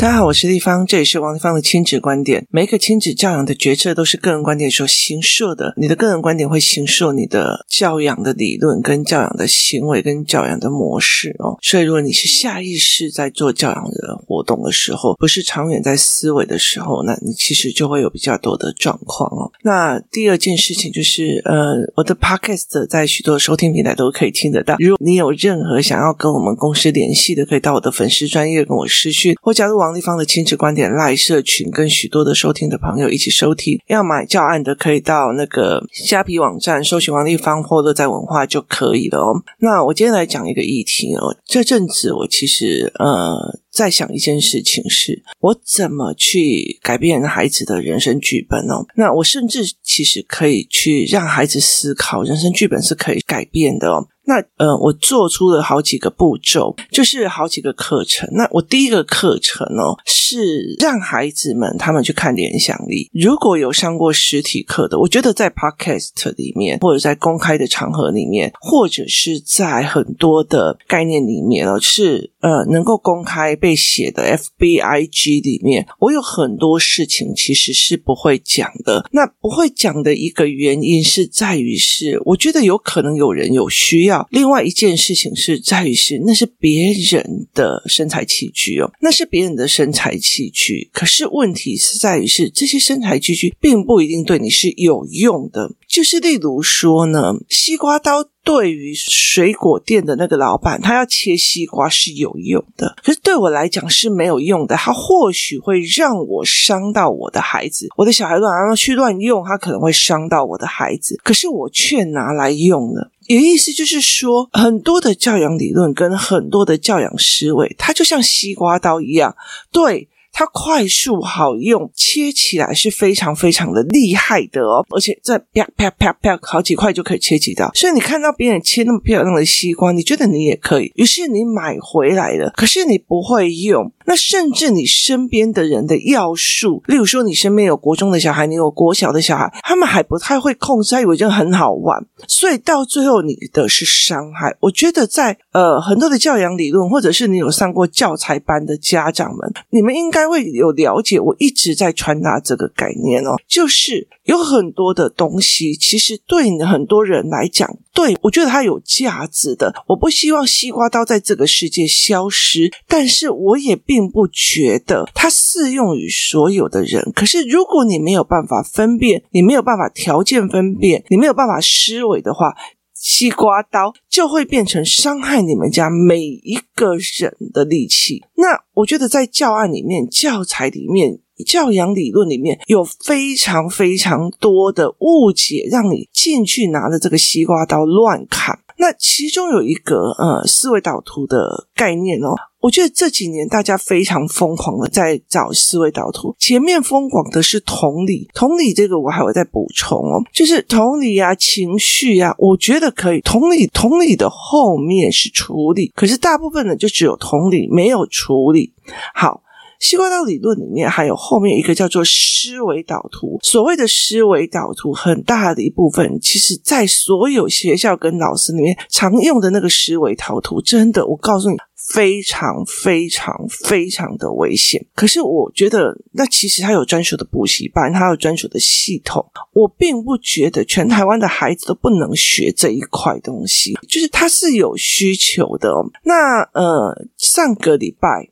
大家好，我是麗芳，這裡是王麗芳的親子觀點。每一個親子教養的決策都是個人觀點所形設的，你的個人觀點會形設你的教養的理論、跟教養的行為、跟教養的模式哦。所以如果你是下意識在做教養的活動的時候，不是長遠在思維的時候，那你其實就會有比較多的狀況哦。那第二件事情就是，呃，我的 podcast 在許多收聽平台都可以聽得到。如果你有任何想要跟我們公司聯繫的，可以到我的粉絲專業跟我私訊，或加入網。王立方的親子觀點 LINE 社群，跟許多的收聽的朋友一起收聽。要買教案的，可以到那個蝦皮網站搜尋王立方或樂在文化就可以了哦。那我今天來講一個議題哦，這陣子我其實呃在想一件事情是，是我怎麼去改變孩子的人生劇本哦。那我甚至其實可以去讓孩子思考，人生劇本是可以改變的哦。那呃，我做出了好幾個步驟，就是好幾個課程。那我第一個課程哦，是讓孩子們他們去看聯想力。如果有上過實體課的，我覺得在 Podcast 裡面，或者在公開的場合裡面，或者是在很多的概念裡面哦，是呃，能夠公開被寫的 FBIG 裡面，我有很多事情其實是不會講的。那不會講的一個原因是在於是，我覺得有可能有人有需要。另外一件事情是在於是，那是別人的生財器具哦，那是別人的生財器具。可是問題是在於是，這些生財器具並不一定對你是有用的。就是例如說呢，西瓜刀對於水果店的那個老闆，他要切西瓜是有用的，可是對我來講是沒有用的。他或許會讓我傷到我的孩子，我的小孩亂去亂用，他可能會傷到我的孩子，可是我卻拿來用了。有意思，就是說，很多的教養理論跟很多的教養思維，它就像西瓜刀一樣，對。它快速好用，切起來是非常非常的厲害的哦，而且在啪啪啪啪啪好幾塊就可以切幾刀，所以你看到別人切那麼漂亮的西瓜，你覺得你也可以，於是你買回來了，可是你不會用，那甚至你身邊的人的要素，例如說你身邊有國中的小孩，你有國小的小孩，他們還不太會控制，還以為真的很好玩，所以到最後你的是傷害。我覺得在呃很多的教養理論，或者是你有上過教材班的家長們，你們應該。會有了解，我一直在傳達這個概念哦，就是有很多的東西，其實對很多人來講，對，我覺得它有價值的。我不希望西瓜刀在這個世界消失，但是我也並不覺得它適用於所有的人。可是如果你沒有辦法分辨，你沒有辦法條件分辨，你沒有辦法思維的話。西瓜刀就會變成傷害你們家每一個人的利器。那我覺得在教案裡面、教材裡面、教養理論裡面有非常非常多的誤解，讓你進去拿着這個西瓜刀亂砍。那其中有一個呃思維導圖的概念哦，我覺得這幾年大家非常瘋狂的在找思維導圖。前面瘋狂的是同理，同理這個我還會再補充哦，就是同理啊、情緒啊，我覺得可以。同理，同理的後面是處理，可是大部分呢就只有同理，沒有處理。好。西瓜刀理論裡面還有後面一個叫做思維導圖。所謂的思維導圖，很大的一部分，其實在所有學校跟老師裡面常用的那個思維導圖，真的，我告訴你，非常非常非常的危險。可是我覺得，那其實他有專屬的補習班，他有專屬的系統。我並不覺得全台灣的孩子都不能學這一塊東西，就是它是有需求的。那呃，上個禮拜，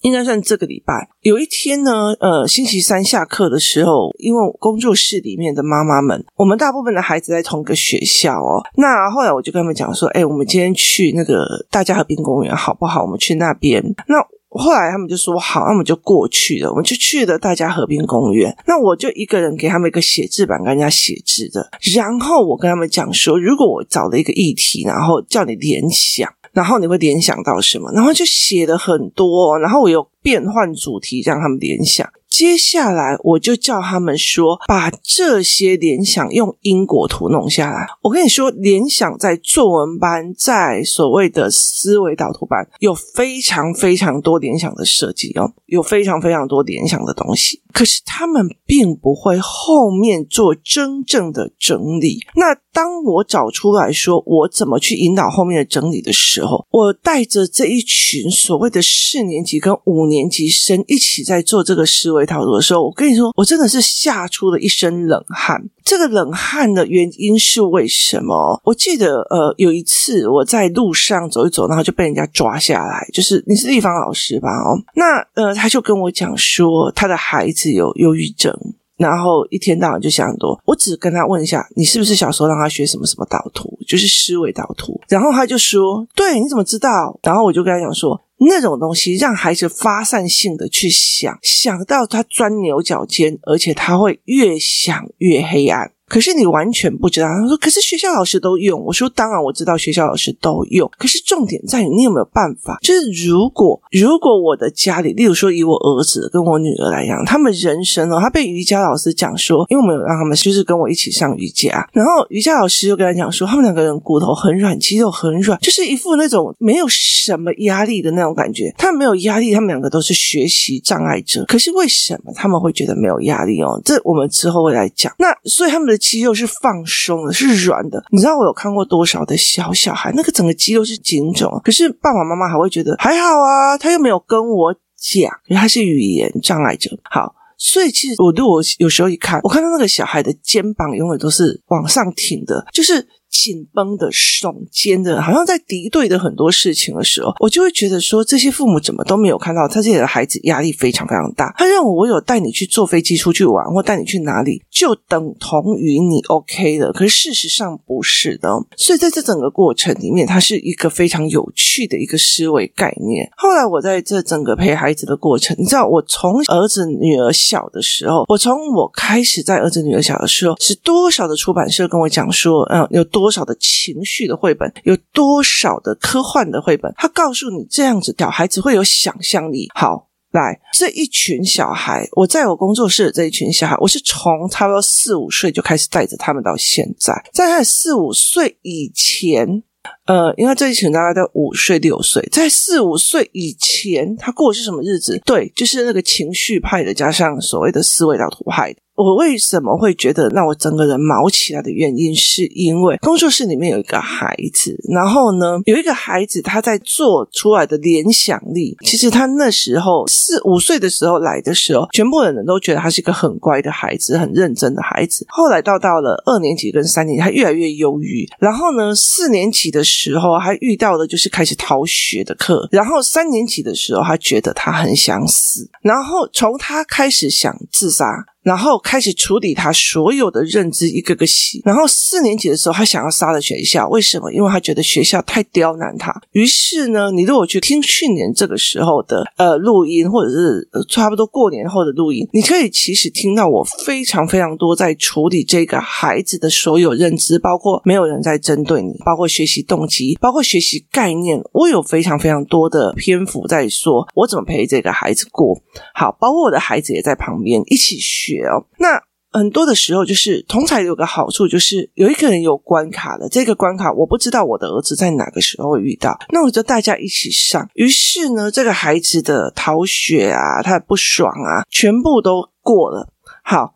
應該算這個禮拜有一天呢，呃，星期三下課的時候，因為工作室裡面的媽媽們，我們大部分的孩子在同一個學校哦。那後來我就跟他們講說：“哎，我們今天去那個大家和平公園好不好？我們去那邊。”那後來他們就說好，那、啊、我們就過去了，我們就去了大家和平公園。那我就一個人給他們一個寫字板，跟人家寫字的。然後我跟他們講說：“如果我找了一個議題，然後叫你聯想。”然後你會聯想到什麼？然後就寫的很多。然後我又。變換主題讓他們聯想，接下來我就叫他們說，把這些聯想用因果圖弄下來。我跟你說，聯想在作文班，在所謂的思維導圖班，有非常非常多聯想的設計哦，有非常非常多聯想的東西。可是他們並不會後面做真正的整理。那當我找出來說，我怎麼去引導後面的整理的時候，我帶着這一群所謂的四年級跟五年級，年級生一起在做這個思維導圖的時候，我跟你說，我真的是嚇出了一身冷汗。這個冷汗的原因是為什麼？我記得，呃，有一次我在路上走一走，然後就被人家抓下來。就是你是立方老師吧？哦，那呃，他就跟我講說，他的孩子有憂鬱症，然後一天到晚就想很多。我只跟他問一下，你是不是小時候讓他學什麼什麼導圖，就是思維導圖？然後他就說，對，你怎麼知道？然後我就跟他講說。那種東西讓孩子發散性的去想，想到他鑽牛角尖，而且他會越想越黑暗。可是你完全不知道，他說：“可是學校老師都用。”我說：“當然我知道學校老師都用。”可是重點在於你有沒有辦法？就是如果如果我的家裡，例如說以我兒子跟我女兒來講，他們人生哦，他被瑜伽老師講說，因為我們有讓他們就是跟我一起上瑜伽，然後瑜伽老師就跟他講說，他們兩個人骨頭很軟，肌肉很軟，就是一副那種沒有什麼壓力的那種感覺。他們沒有壓力，他們兩個都是學習障礙者。可是為什麼他們會覺得沒有壓力哦？這我們之後會來講。那所以他們的。肌肉是放鬆的，是軟的。你知道我有看過多少的小小孩，那個整個肌肉是緊繃可是爸爸媽媽還會覺得還好啊，他又沒有跟我講，因為他是語言障礙者。好，所以其實我對我有時候一看，我看到那個小孩的肩膀永遠都是往上挺的，就是。緊繃的、聳肩的，好像在敵對的很多事情的時候，我就會覺得說，這些父母怎麼都沒有看到他自己的孩子壓力非常非常大。他認為我有帶你去坐飛機出去玩，或帶你去哪裡，就等同於你 OK 的。可是事實上不是的。所以在這整個過程裡面，它是一個非常有趣的一個思維概念。後來我在這整個陪孩子的過程，你知道，我從兒子女兒小的時候，我從我開始在兒子女兒小的時候，是多少的出版社跟我講說，嗯，有多。多少的情緒的繪本，有多少的科幻的繪本？他告訴你這樣子，小孩子會有想象力。好，來，這一群小孩，我在我工作室的這一群小孩，我是從差不多四五歲就開始帶着他們到現在。在他的四五歲以前，呃，因為這一群大概在五歲六歲，在四五歲以前，他過的是什麼日子？對，就是那個情緒派的，加上所謂的思維導圖派的。我為什麼會覺得讓我整個人毛起來的原因，是因為工作室裡面有一個孩子，然後呢，有一個孩子他在做出來的聯想力，其實他那時候四五歲的時候來的時候，全部的人都覺得他是一個很乖的孩子，很認真的孩子。後來到到了二年級跟三年級，他越來越憂鬱。然後呢，四年級的時候，他遇到了就是開始逃學的課。然後三年級的時候，他覺得他很想死。然後從他開始想自殺。然後開始處理他所有的認知，一個個洗。然後四年級的時候，他想要殺了學校，為什麼？因為他覺得學校太刁難他。於是呢，你如果去聽去年這個時候的呃錄音，或者是，呃，差不多過年後的錄音，你可以其實聽到我非常非常多在處理這個孩子的所有認知，包括沒有人在針對你，包括學習動機，包括學習概念，我有非常非常多的篇幅在說，我怎麼陪這個孩子過好，包括我的孩子也在旁邊一起學。哦，那很多的時候就是同儕有個好處，就是有一個人有關卡的，這個關卡我不知道我的兒子在哪個時候遇到，那我就大家一起上。於是呢，這個孩子的逃學啊，他的不爽啊，全部都過了。好，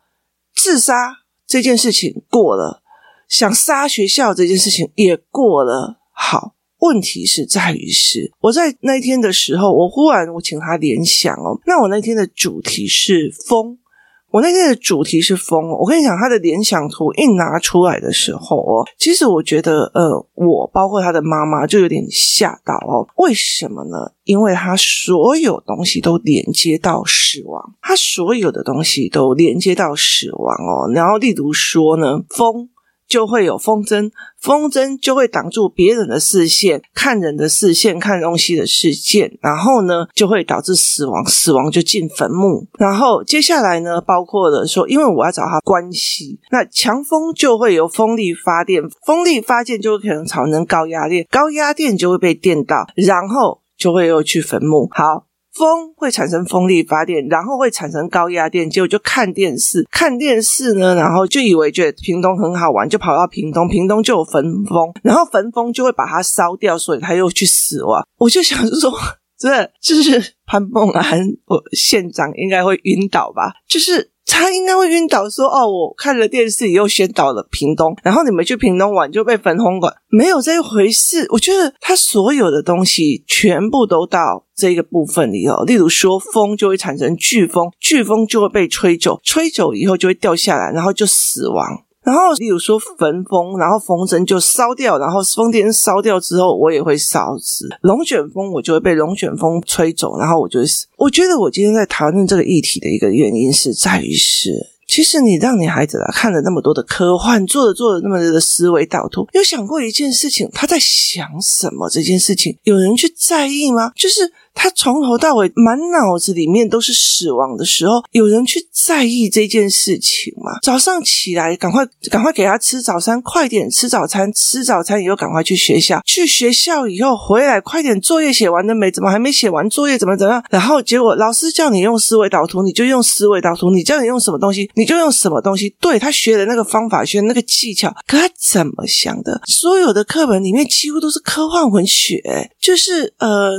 自殺這件事情過了，想殺學校這件事情也過了。好，問題是在於是我在那一天的時候，我忽然我請他聯想哦，那我那天的主題是風。我那天的主題是瘋，我跟你講，他的聯想圖一拿出來的時候哦，其實我覺得呃，我包括他的媽媽就有點嚇到哦。為什麼呢？因為他所有東西都連接到死亡，他所有的東西都連接到死亡哦。然後例如說呢，瘋。就會有風箏，風箏就會擋住別人的視線，看人的視線，看東西的視線，然後呢，就會導致死亡，死亡就進墳墓。然後接下來呢，包括了說，因為我要找他關係，那強風就會由風力發電，風力發電就會可能產生高壓電，高壓電就會被電到，然後就會又去墳墓。好。風會產生風力發電，然後會產生高壓電，結果就看電視。看電視呢，然後就以為覺得屏東很好玩，就跑到屏東。屏東就有焚風，然後焚風就會把它燒掉，所以他又去死亡。我就想說，這就是潘孟安，我縣長應該會暈倒吧？就是。他應該會暈倒，說：“哦，我看了電視以後先倒了屏東，然後你們去屏東玩就被分紅館。”沒有這一回事。我覺得他所有的東西全部都到這個部分裡頭，例如說風就會產生颶風，颶風就會被吹走，吹走以後就會掉下來，然後就死亡。然後，比如說焚風，然後風箏就燒掉，然後風箏燒掉之後，我也會燒死。龍捲風，我就會被龍捲風吹走，然後我就死。我覺得我今天在談論這個議題的一個原因，是在於是，其實你讓你孩子啊，看了那麼多的科幻，做着做着那麼多的思維導圖，有想過一件事情，他在想什麼？這件事情有人去在意嗎？就是。他從頭到尾滿腦子裡面都是死亡的時候，有人去在意這件事情嗎？早上起來，趕快趕快給他吃早餐，快點吃早餐，吃早餐以後趕快去學校，去學校以後回來，快點作業寫完了沒？怎麼還沒寫完作業？怎麼怎麼樣？然後結果老師叫你用思維導圖，你就用思維導圖；你叫你用什麼東西，你就用什麼東西。對他學的那個方法，學的那個技巧，可他怎麼想的？所有的課本裡面幾乎都是科幻文學，就是呃。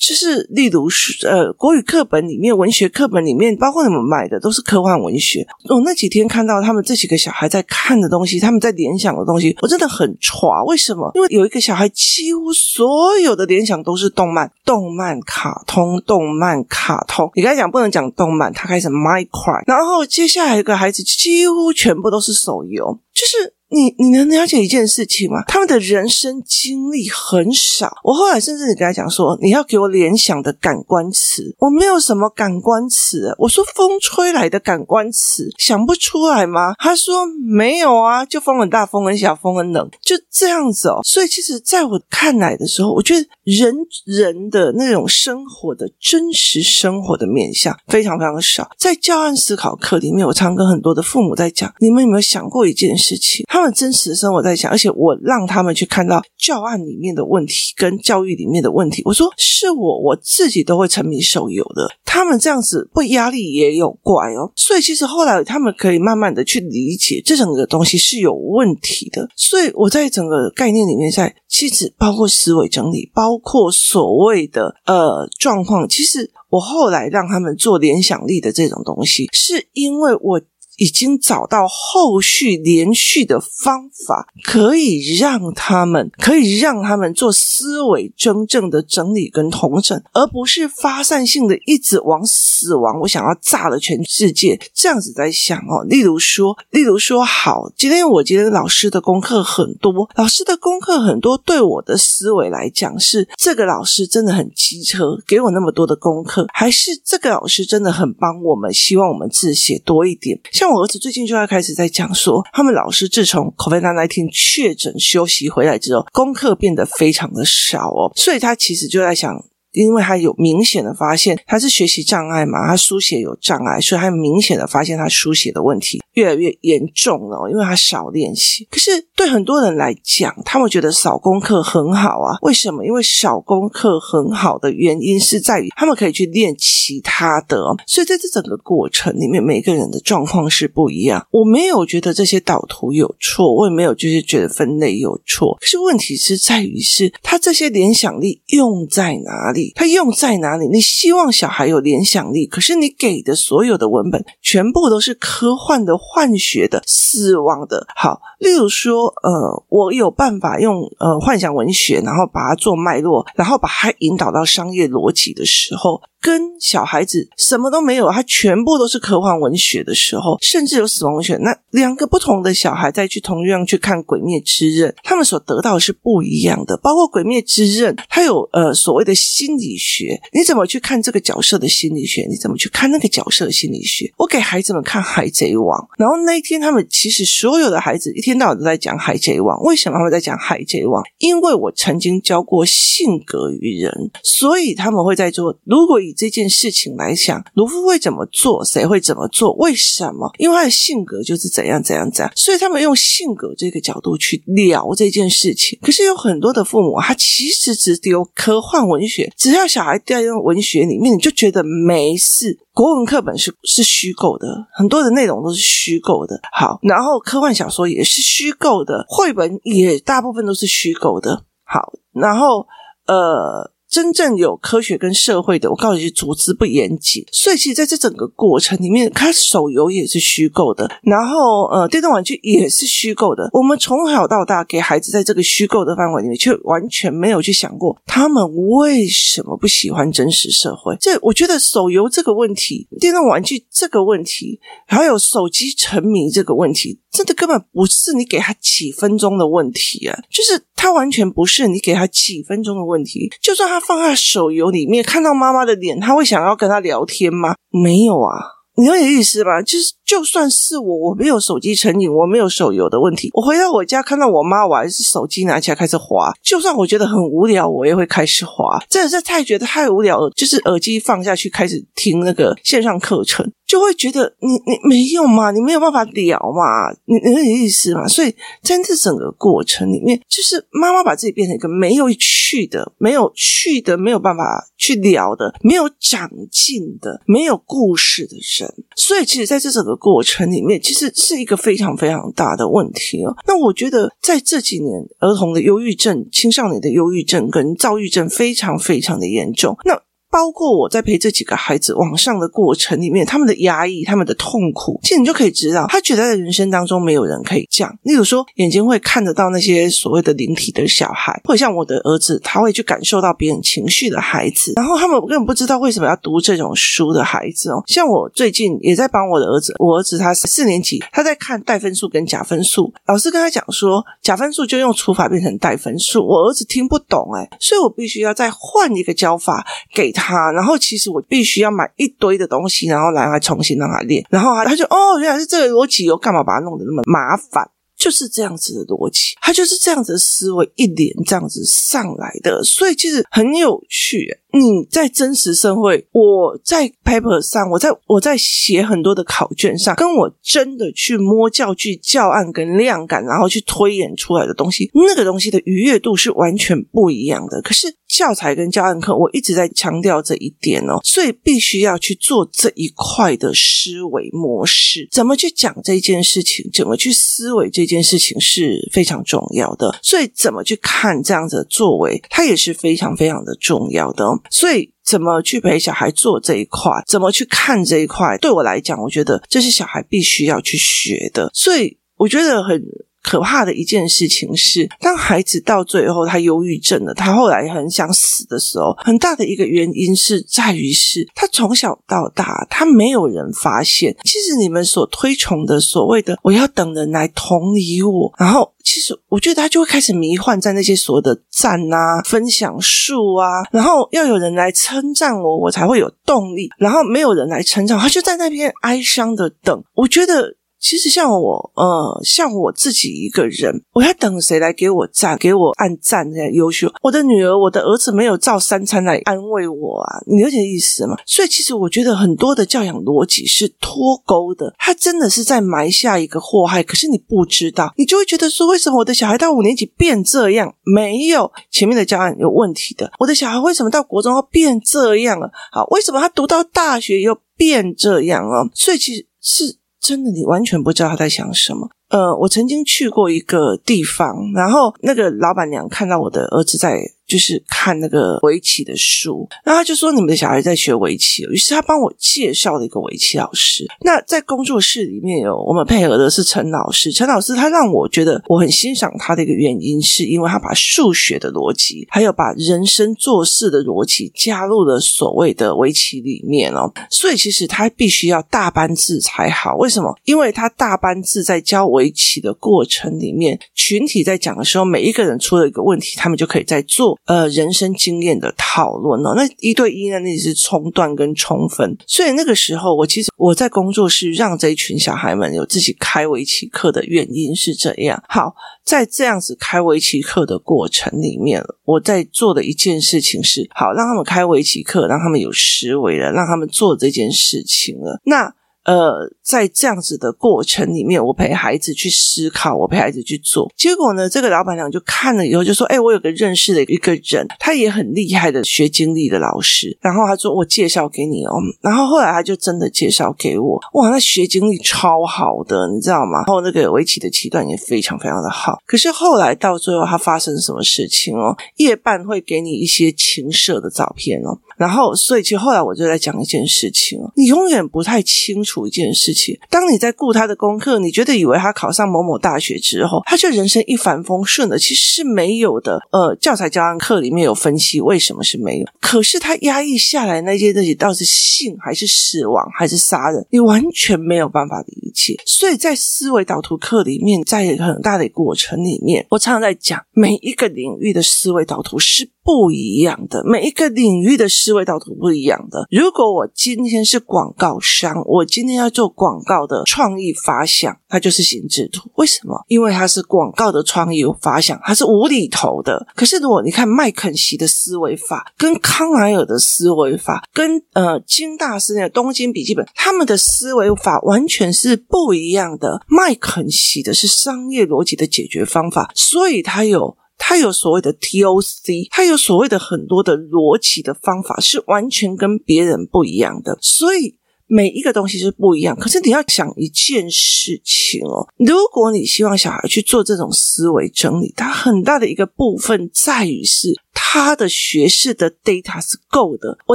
就是，例如是呃，國語課本裡面、文學課本裡面，包括你們買的都是科幻文學。我那幾天看到他們這幾個小孩在看的東西，他們在聯想的東西，我真的很抓。為什麼？因為有一個小孩幾乎所有的聯想都是動漫、動漫、卡通、動漫、卡通。你剛才講不能講動漫，他開始麥塊。然後接下來一個孩子幾乎全部都是手遊。就是你，你能了解一件事情嗎？他們的人生經歷很少。我後來甚至你跟他講說，你要給我聯想的感官詞，我沒有什麼感官詞啊。我說風吹來的感官詞，想不出來嗎？他說沒有啊，就風很大，風很小，風很冷，就這樣子哦。所以其實，在我看來的時候，我覺得。人人的那種生活的真實生活的面向非常非常少。在教養思考課裡面，我常跟很多的父母在講，你們有沒有想過一件事情？他們真實的生活在想，而且我讓他們去看到教養裡面的問題跟教育裡面的問題。我說是我，我自己都會沉迷手遊的，他們這樣子會壓力也有怪哦。所以其實後來他們可以慢慢的去理解，這整個東西是有問題的。所以我在整個概念裡面在，在其實包括思維整理，包括。或所謂的呃狀況，其實我後來讓他們做聯想力的這種東西，是因為我。已經找到後續連續的方法，可以讓他們，可以讓他們做思維真正的整理跟統整，而不是發散性的一直往死亡。我想要炸了全世界，這樣子在想哦。例如說，例如說，好，今天我覺得老師的功課很多，老師的功課很多，對我的思維來講是這個老師真的很機車，給我那麼多的功課，還是這個老師真的很幫我們，希望我們自己寫多一點，像。我兒子最近就在開始在講說，他們老師自從 COVID 19確診休息回來之後，功課變得非常的少哦，所以他其實就在想。因為他有明顯的發現，他是學習障礙嘛，他書寫有障礙，所以他明顯的發現他書寫的問題越來越嚴重了。因為他少練習，可是對很多人來講，他們覺得少功課很好啊。為什麼？因為少功課很好的原因是在於他們可以去練其他的。所以在這整個過程裡面，每個人的狀況是不一樣。我沒有覺得這些導圖有錯，我也沒有就是覺得分類有錯。可是問題是在於是他這些聯想力用在哪裡？它用在哪裡？你希望小孩有聯想力，可是你給的所有的文本全部都是科幻的、幻學的、死亡的。好，例如說，呃，我有辦法用，呃幻想文學，然後把它做脈絡，然後把它引導到商業邏輯的時候。跟小孩子什麼都沒有，他全部都是科幻文學的時候，甚至有死亡文學。那兩個不同的小孩再去同樣去看《鬼滅之刃》，他們所得到的是不一樣的。包括《鬼滅之刃》，它有呃所謂的心理學，你怎麼去看這個角色的心理學？你怎麼去看那個角色的心理學？我給孩子們看《海賊王》，然後那一天他們其實所有的孩子一天到晚都在講《海賊王》。為什麼他們在講《海賊王》？因為我曾經教過性格與人，所以他們會在說：如果以這件事情來想，盧夫會怎麼做？誰會怎麼做？為什麼？因為他的性格就是怎樣怎樣怎樣，所以他們用性格這個角度去聊這件事情。可是有很多的父母，他其實只丟科幻文學，只要小孩掉進文學裡面，你就覺得沒事。國文課本是是虛構的，很多的內容都是虛構的。好，然後科幻小說也是虛構的，繪本也大部分都是虛構的。好，然後呃。真正有科學跟社會的，我告訴你是組織不嚴謹，所以其實在這整個過程裡面，它手遊也是虛構的，然後呃，電動玩具也是虛構的。我們從小到大給孩子在這個虛構的範圍裡面，卻完全沒有去想過他們為什麼不喜歡真實社會。這我覺得手遊這個問題、電動玩具這個問題，還有手機沉迷這個問題，真的根本不是你給他幾分鐘的問題啊！就是他完全不是你給他幾分鐘的問題，就算他。放在手遊裡面，看到媽媽的臉，他會想要跟他聊天嗎？沒有啊，你有點意思吧？就是。就算是我，我沒有手機成癮，我沒有手遊的問題。我回到我家看到我媽，我還是手機拿起來開始滑。就算我覺得很無聊，我也會開始滑。真的是太覺得太無聊了，就是耳機放下去開始聽那個線上課程，就會覺得你你沒有嘛，你沒有辦法聊嘛，你那個意思嘛。所以在這整個過程裡面，就是媽媽把自己變成一個沒有趣的、沒有趣的、沒有辦法去聊的、沒有長進的、沒有故事的人。所以其實在這整個。過程裡面其實是一個非常非常大的問題哦。那我覺得在這幾年，兒童的憂鬱症、青少年的憂鬱症跟躁鬱症非常非常的嚴重。那包括我在陪這幾個孩子往上的過程裡面，他們的壓抑、他們的痛苦，其實你就可以知道，他覺得在人生當中沒有人可以講。例如說，眼睛會看得到那些所謂的靈體的小孩，或者像我的兒子，他會去感受到別人情緒的孩子，然後他們根本不知道為什麼要讀這種書的孩子哦。像我最近也在幫我的兒子，我兒子他是四年級，他在看帶分數跟假分數，老師跟他講說，假分數就用除法變成帶分數，我兒子聽不懂哎，所以我必須要再換一個教法給他。他，然後其實我必須要買一堆的東西，然後來來重新讓他練，然後他他就哦，原來是這個邏輯，我幹嘛把它弄得那麼麻煩？就是這樣子的邏輯，他就是這樣子的思維一連這樣子上來的，所以其實很有趣。你在真實社會，我在 paper 上，我在我在寫很多的考卷上，跟我真的去摸教具、教案跟量感，然後去推演出來的東西，那個東西的愉悅度是完全不一樣的。可是教材跟教案課，我一直在強調這一點哦，所以必須要去做這一塊的思維模式，怎麼去講這件事情，怎麼去思維這件事情是非常重要的。所以怎麼去看這樣子的作為，它也是非常非常的重要的。所以，怎麼去陪小孩做這一塊？怎麼去看這一塊？對我來講，我覺得這是小孩必須要去學的。所以，我覺得很。可怕的一件事情是，當孩子到最後他憂鬱症了，他後來很想死的時候，很大的一個原因是在於是，是他從小到大他沒有人發現。其實你們所推崇的所謂的“我要等人來同理我”，然後其實我覺得他就會開始迷幻在那些所謂的讚啊、分享數啊，然後要有人來稱讚我，我才會有動力。然後沒有人來稱讚，他就在那邊哀傷的等。我覺得。其實像我，呃、嗯，像我自己一個人，我要等誰來給我贊，給我按讚這樣優秀？我的女兒，我的兒子沒有照三餐來安慰我啊！你了解意思嗎？所以其實我覺得很多的教養邏輯是脫鈎的，他真的是在埋下一個禍害。可是你不知道，你就會覺得說，為什麼我的小孩到五年級變這樣？沒有前面的教案有問題的。我的小孩為什麼到國中要變這樣啊？好，為什麼他讀到大學又變這樣啊？所以其實是。真的，你完全不知道他在想什麼。呃，我曾經去過一個地方，然後那個老闆娘看到我的兒子在。就是看那個圍棋的書，然後他就說，你們的小孩在學圍棋，於是他幫我介紹了一個圍棋老師。那在工作室裡面有、哦，我們配合的是陳老師。陳老師他讓我覺得我很欣賞他的一個原因，是因為他把數學的邏輯，還有把人生做事的邏輯加入了所謂的圍棋裡面哦。所以其實他必須要大班制才好。為什麼？因為他大班制在教圍棋的過程裡面，群體在講的時候，每一個人出了一個問題，他們就可以在做。呃，人生經驗的討論呢、哦，那一對一呢，那是衝段跟衝分。所以那個時候，我其實我在工作室讓這一群小孩們有自己開圍棋課的原因是這樣。好，在這樣子開圍棋課的過程裡面，我在做的一件事情是，好讓他們開圍棋課，讓他們有思維了，讓他們做這件事情了。那。呃，在這樣子的過程裡面，我陪孩子去思考，我陪孩子去做。結果呢，這個老闆娘就看了以後就說：“誒，哎，我有個認識的一個人，他也很厲害的學經歷的老師。”然後他說：“我介紹給你哦。”然後後來他就真的介紹給我，哇，那學經歷超好的，你知道嗎？然後那個圍棋的棋段也非常非常的好。可是後來到最後，他發生什麼事情哦？夜半會給你一些情色的照片哦。然後，所以其實後來我就在講一件事情，你永遠不太清楚一件事情。當你在顧他的功課，你覺得以為他考上某某大學之後，他就人生一帆風順了，其實是沒有的。呃，教材教案課裡面有分析為什麼是沒有。可是他壓抑下來那些自己到，到底是性還是死亡還是殺人，你完全沒有辦法理解。所以在思維導圖課裡面，在很大的過程裡面，我常常在講，每一個領域的思維導圖是。不一樣的，每一個領域的思維導圖不一樣的。如果我今天是廣告商，我今天要做廣告的創意發想，它就是心智圖。為什麼？因為它是廣告的創意發想，它是無厘頭的。可是如果你看麥肯錫的思維法，跟康乃爾的思維法，跟呃金大師那個東京筆記本，他們的思維法完全是不一樣的。麥肯錫的是商業邏輯的解決方法，所以它有。他有所謂的 TOC，他有所謂的很多的邏輯的方法，是完全跟別人不一樣的，所以。每一個東西是不一樣，可是你要想一件事情哦，如果你希望小孩去做這種思維整理，他很大的一個部分在於是他的學識的 data 是夠的，我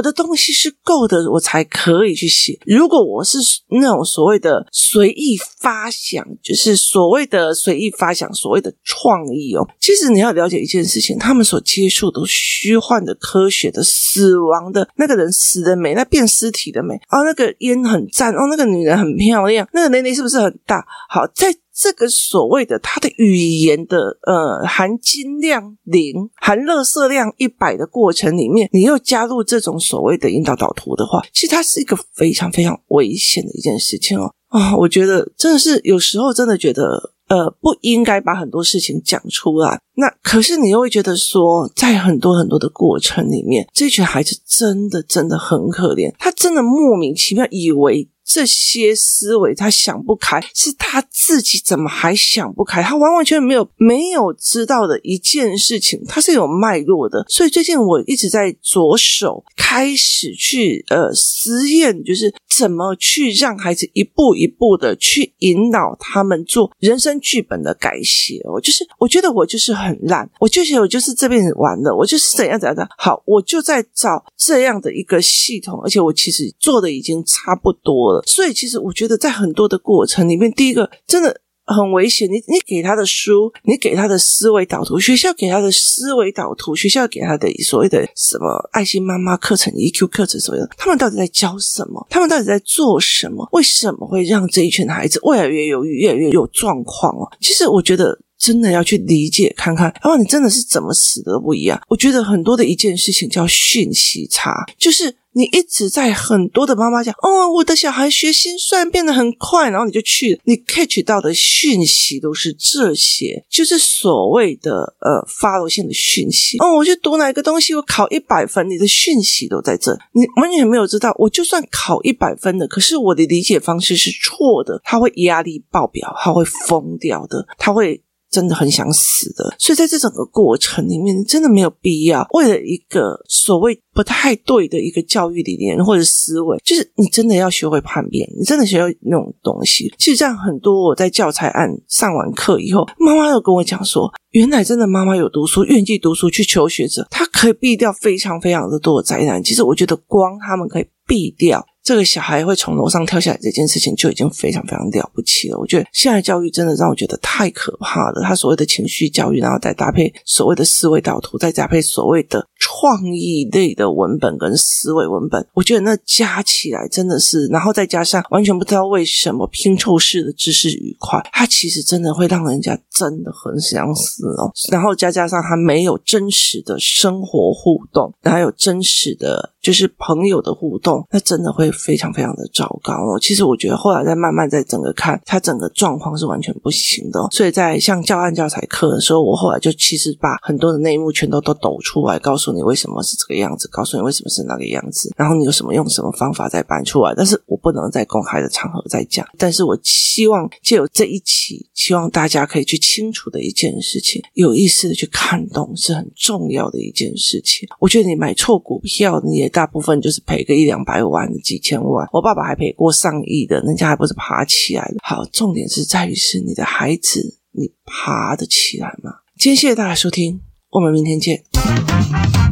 的東西是夠的，我才可以去寫。如果我是那種所謂的隨意發想，就是所謂的隨意發想，所謂的創意哦，其實你要了解一件事情，他們所接觸的虛幻的、科學的、死亡的，那個人死的美，那變屍體的美啊，那個。煙很讚哦，那個女人很漂亮，那個年齡是不是很大？好，在這個所謂的他的語言的呃含金量零，含垃圾量一百的過程裡面，你又加入這種所謂的引導導圖的話，其實它是一個非常非常危險的一件事情哦。啊，我覺得真的是有時候真的覺得。呃，不應該把很多事情講出來。那可是你又會覺得說，在很多很多的過程裡面，這群孩子真的真的很可憐，他真的莫名其妙以為。這些思維他想不開，是他自己怎麼還想不開？他完完全沒有沒有知道的一件事情，他是有脈絡的。所以最近我一直在着手開始去呃實驗，就是怎麼去讓孩子一步一步的去引導他們做人生劇本的改寫。我就是，我覺得我就是很爛，我就寫我就是這輩子完了，我就是怎樣怎樣怎樣。好，我就在找這樣的一個系統，而且我其實做的已經差不多了。所以，其實我覺得，在很多的過程裡面，第一個真的很危險。你你給他的書，你給他的思維導圖，學校給他的思維導圖，學校給他的所謂的什麼愛心媽媽課程、EQ 課程什麼的，他們到底在教什麼？他們到底在做什麼？為什麼會讓這一群孩子越來越猶豫，越來越有狀況哦、啊？其實，我覺得真的要去理解看看，哇、啊，你真的是怎麼死的不一樣？我覺得很多的一件事情叫訊息差，就是。你一直在很多的媽媽講，哦，我的小孩學心算變得很快，然後你就去，你 catch 到的訊息都是這些，就是所謂的呃 follow 性的訊息。哦，我去讀哪個東西，我考一百分，你的訊息都在這，你完全沒有知道。我就算考一百分的，可是我的理解方式是錯的，他會壓力爆表，他會瘋掉的，他會。真的很想死的，所以在這整個過程裡面，你真的沒有必要為了一個所謂不太對的一個教育理念或者思維，就是你真的要學會叛變，你真的學會那種東西。其實這樣很多，我在教材案上完課以後，媽媽又跟我講說，原來真的媽媽有讀書，願意讀書去求學者，他可以避掉非常非常的多的災難。其實我覺得，光他們可以避掉。這個小孩會從樓上跳下來這件事情就已經非常非常了不起了。我覺得現在教育真的讓我覺得太可怕了。他所謂的情緒教育，然後再搭配所謂的思維導圖，再搭配所謂的創意類的文本跟思維文本，我覺得那加起來真的是，然後再加上完全不知道為什麼拼湊式的知識愉快，它其實真的會讓人家真的很想死哦。然後再加，加上他沒有真實的生活互動，然後還有真實的。就是朋友的互動，那真的會非常非常的糟糕哦。其實我覺得後來再慢慢在整個看他整個狀況是完全不行的哦。所以在像教案教材課的時候，我後來就其實把很多的內幕全都都抖出來，告訴你為什麼是這個樣子，告訴你為什麼是那個樣子，然後你有什麼用什麼方法再搬出來。但是我不能在公開的場合再講。但是我希望借由這一期，希望大家可以去清楚的一件事情，有意識的去看懂是很重要的一件事情。我覺得你買錯股票，你也。大部分就是賠個一兩百萬、幾千萬，我爸爸還賠過上億的，人家還不是爬起來的。好，重點是在於是你的孩子，你爬得起來嗎？今天謝謝大家收聽，我們明天見。